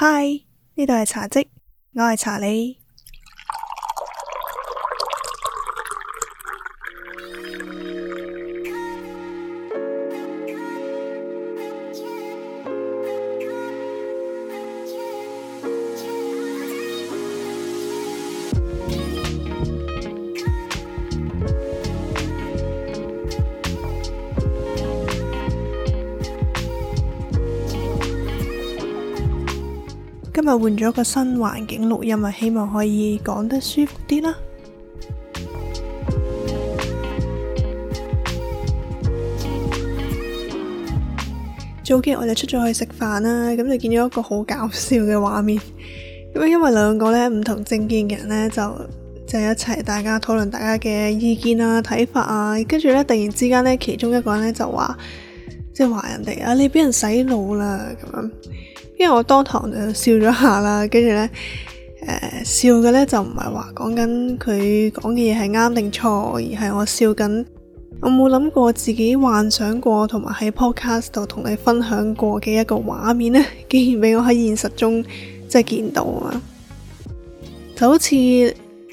嗨，呢度係茶嘖，我係茶你。因為換咗個新環境錄音啊，希望可以講得舒服啲啦。早幾日我就出咗去食飯啦，咁就見咗一個好搞笑嘅畫面。咁 因為兩個咧唔同政見嘅人咧，就就一齊大家討論大家嘅意見啊、睇法啊，跟住咧突然之間咧，其中一個人咧就話。即係話人哋啊，你俾人洗腦啦咁樣，因為我當堂就笑咗下啦，跟住咧，誒、呃、笑嘅咧就唔係話講緊佢講嘅嘢係啱定錯，而係我笑緊，我冇諗過自己幻想過同埋喺 podcast 度同你分享過嘅一個畫面咧，竟然俾我喺現實中即係見到啊，就好似。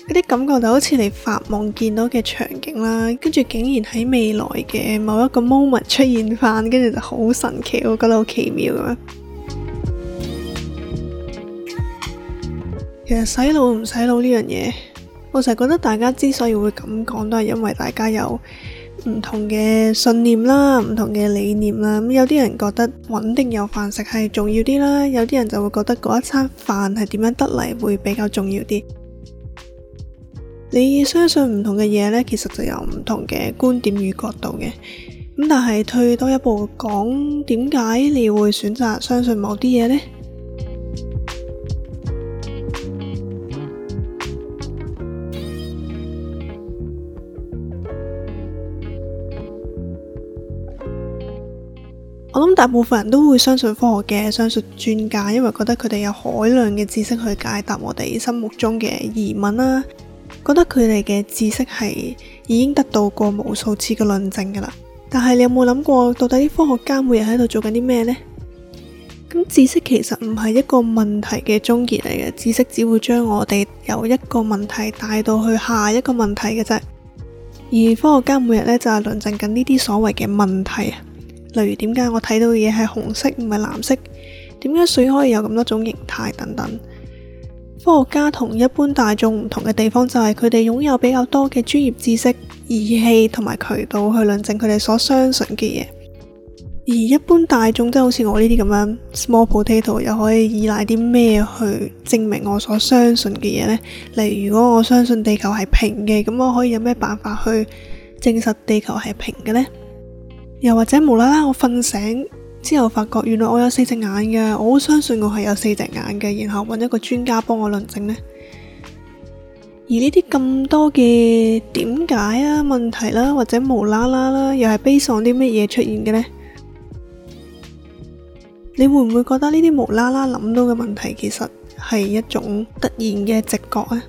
呢啲感覺就好似你發夢見到嘅場景啦，跟住竟然喺未來嘅某一個 moment 出現翻，跟住就好神奇，我覺得好奇妙啊！ 其實洗腦唔洗腦呢樣嘢，我成日覺得大家之所以會咁講，都係因為大家有唔同嘅信念啦、唔同嘅理念啦。咁有啲人覺得穩定有飯食係重要啲啦，有啲人就會覺得嗰一餐飯係點樣得嚟會比較重要啲。你相信唔同嘅嘢呢，其實就有唔同嘅觀點與角度嘅。咁但係退多一步講，點解你會選擇相信某啲嘢呢？ 我諗大部分人都會相信科學嘅、相信專家，因為覺得佢哋有海量嘅知識去解答我哋心目中嘅疑問啦、啊。覺得佢哋嘅知識係已經得到過無數次嘅論證㗎喇，但係你有冇諗過，到底啲科學家每日喺度做緊啲咩呢？咁知識其實唔係一個問題嘅終結嚟嘅，知識只會將我哋由一個問題帶到去下一個問題嘅啫。而科學家每日咧就係論證緊呢啲所謂嘅問題啊，例如點解我睇到嘅嘢係紅色唔係藍色？點解水可以有咁多種形態，等等。科學家同一般大眾唔同嘅地方就係佢哋擁有比較多嘅專業知識、儀器同埋渠道去論證佢哋所相信嘅嘢。而一般大眾即係好似我呢啲咁樣 small potatoes，又可以依賴啲咩去證明我所相信嘅嘢呢？例如，如果我相信地球係平嘅，咁我可以有咩辦法去證實地球係平嘅呢？又或者無啦啦我瞓醒？之後發覺原來我有四隻眼嘅，我好相信我係有四隻眼嘅，然後揾一個專家幫我論證呢。而呢啲咁多嘅點解啊問題啦，或者無啦啦啦，又係 based on 啲乜嘢出現嘅呢？你會唔會覺得呢啲無啦啦諗到嘅問題，其實係一種突然嘅直覺呀？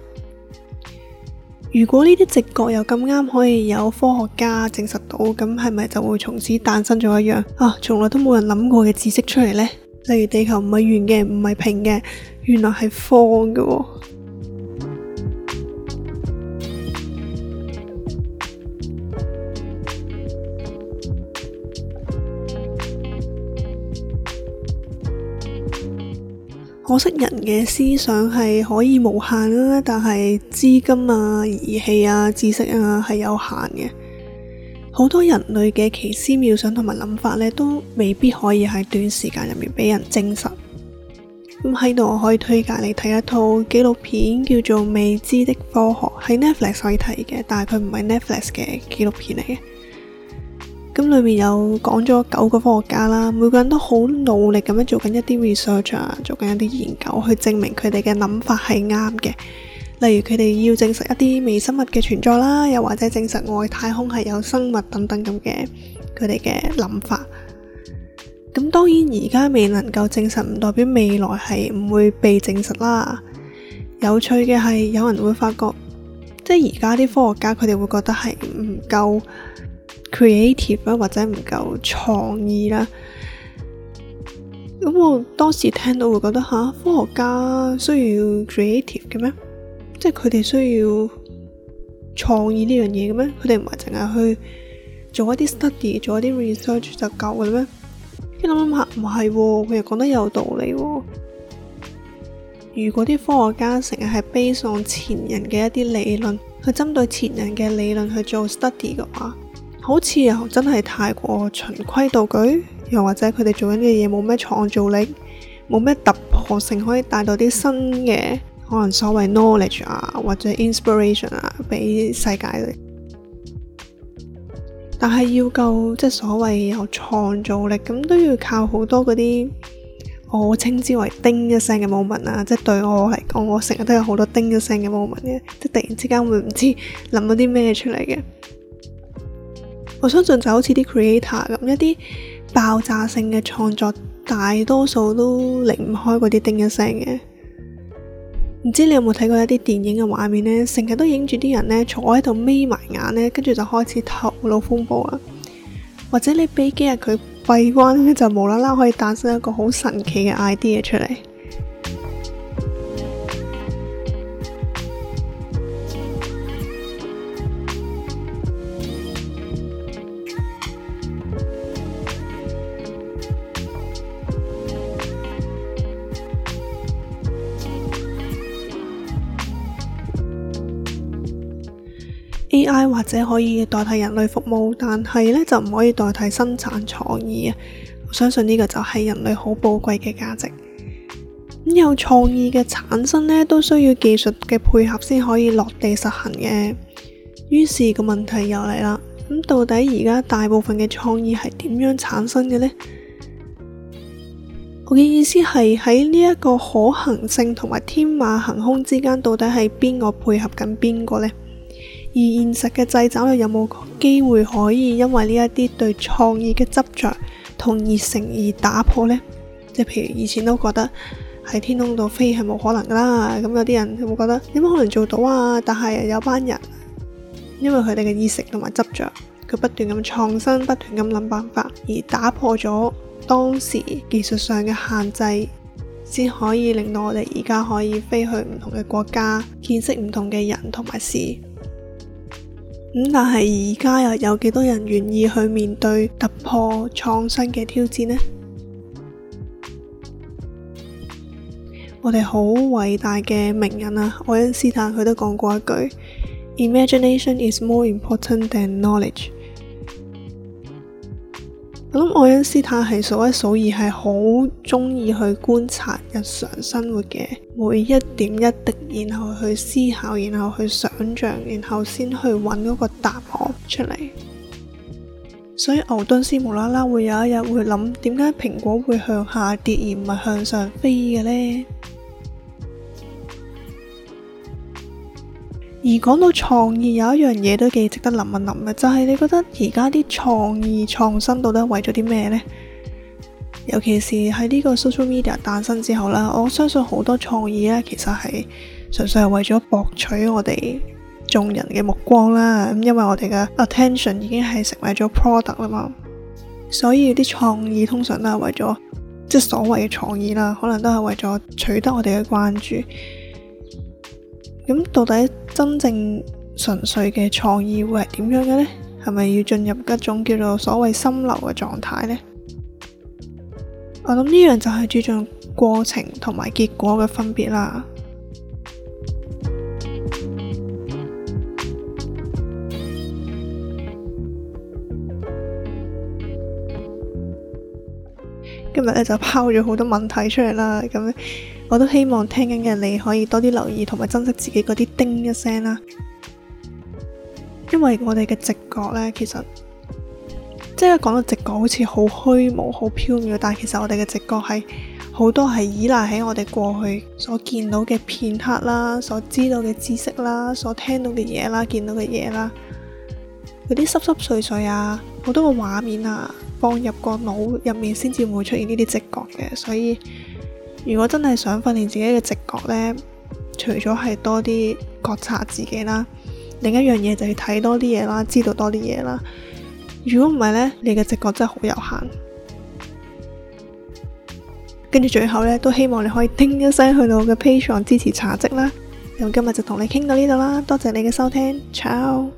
如果呢啲直覺又咁啱可以有科學家證實到，咁係咪就會從此誕生咗一樣啊，從來都冇人諗過嘅知識出嚟呢？例如地球唔係圓嘅，唔係平嘅，原來係方嘅。可惜人嘅思想係可以無限啦，但係資金啊、儀器啊、知識啊係有限嘅。好多人類嘅奇思妙想同埋諗法咧，都未必可以喺短時間入面俾人證實。咁喺度，我可以推介你睇一套紀錄片，叫做《未知的科學》，喺 Netflix 可以睇嘅，但係佢唔係 Netflix 嘅紀錄片嚟嘅。咁裏面有講咗九個科學家啦，每個人都好努力咁樣做緊一啲 research 啊，做緊一啲研究去證明佢哋嘅諗法係啱嘅。例如佢哋要證實一啲微生物嘅存在啦，又或者證實外太空係有生物等等咁嘅佢哋嘅諗法。咁當然而家未能夠證實唔代表未來係唔會被證實啦。有趣嘅係有人會發覺，即係而家啲科學家佢哋會覺得係唔夠 creative 啦，或者唔夠創意啦。咁我當時聽到會覺得吓，科學家需要 creative 嘅咩？即係佢哋需要創意呢樣嘢嘅咩？佢哋唔係淨係去做一啲 study，做一啲 research 就夠嘅咩？一諗諗下，唔係喎，佢又講得有道理喎。如果啲科學家成日係背誦前人嘅一啲理論，去針對前人嘅理論去做 study 嘅話，好似又真係太過循規蹈矩，又或者佢哋做緊嘅嘢冇咩創造力，冇咩突破性，可以帶到啲新嘅可能所謂 knowledge 啊，或者 inspiration 啊，俾世界嘅啊。但係要夠即係所謂有創造力，咁都要靠好多嗰啲我稱之為叮一聲嘅 moment 啊，即係對我嚟講，我成日都有好多叮一聲嘅 moment 嘅，即係突然之間會唔知諗到啲咩出嚟嘅。我相信就好似啲 creator 咁，一啲爆炸性嘅創作大多數都離唔開嗰啲叮一聲嘅。唔知你有冇睇過一啲電影嘅畫面咧，成日都影住啲人咧坐喺度眯埋眼咧，跟住就開始頭腦風暴啦。或者你俾幾日佢閉關咧，就無啦啦可以誕生一個好神奇嘅 idea 出嚟。A.I. 或者可以代替人類服務，但係呢就唔可以代替生產創意啊！我相信呢個就係人類好寶貴嘅價值。咁有創意嘅產生呢，都需要技術嘅配合先可以落地實行嘅。於是個問題又嚟啦，咁到底而家大部分嘅創意係點樣產生嘅呢？我嘅意思係喺呢一個可行性同埋天馬行空之間，到底係邊個配合緊邊個呢？而現實嘅制裁又有冇機會可以因為呢一啲對創意嘅執着同熱誠而打破呢？即係譬如以前都覺得喺天空度飛係冇可能㗎啦，咁有啲人會覺得有冇可能做到啊？但係有班人因為佢哋嘅意識同埋執着，佢不斷咁創新，不斷咁諗辦法，而打破咗當時技術上嘅限制，先可以令到我哋而家可以飛去唔同嘅國家，見識唔同嘅人同埋事。嗯、但係而家又有幾多人願意去面對突破創新嘅挑戰呢？我哋好偉大嘅名人啊，愛因斯坦佢都講過一句：Imagination is more important than knowledge。我諗愛因斯坦係數一數二，係好中意去觀察日常生活嘅每一點一滴，然後去思考，然後去想象，然後先去揾嗰個答案出嚟。所以牛頓斯無啦啦會有一日會諗點解蘋果會向下跌而唔係向上飛嘅呢？而講到創意，有一樣嘢都幾值得諗一諗嘅，就係、是、你覺得而家啲創意創新到底係為咗啲咩呢？尤其是喺呢個 social media 誕生之後啦，我相信好多創意咧，其實係純粹係為咗博取我哋眾人嘅目光啦。咁因為我哋嘅 attention 已經係成為咗 product 啦嘛，所以啲創意通常都係，為咗即係所謂嘅創意啦，可能都係為咗取得我哋嘅關注。咁到底真正純粹嘅創意會係點樣嘅呢？係咪要進入一種叫做所謂心流嘅狀態呢？我諗呢樣就係注重過程同埋結果嘅分別啦。今日呢就拋咗好多問題出嚟啦，咁。我都希望聽緊嘅你可以多啲留意同埋珍惜自己嗰啲叮一聲啦，因為我哋嘅直覺呢，其實即係講到直覺，好似好虛無、好縹緲，但係其實我哋嘅直覺係好多係依賴喺我哋過去所見到嘅片刻啦、所知道嘅知識啦、所聽到嘅嘢啦、見到嘅嘢啦，嗰啲濕濕碎碎啊，好多個畫面啊，放入個腦入面，先至會出現呢啲直覺嘅，所以。如果真係想訓練自己嘅直覺咧，除咗係多啲覺察自己啦，另一樣嘢就係睇多啲嘢啦，知道多啲嘢啦。如果唔係咧，你嘅直覺真係好有限。跟住最後咧，都希望你可以叮一聲去到我嘅 Patreon 支持茶嘖啦。咁今日就同你傾到呢度啦，多謝你嘅收聽，Ciao。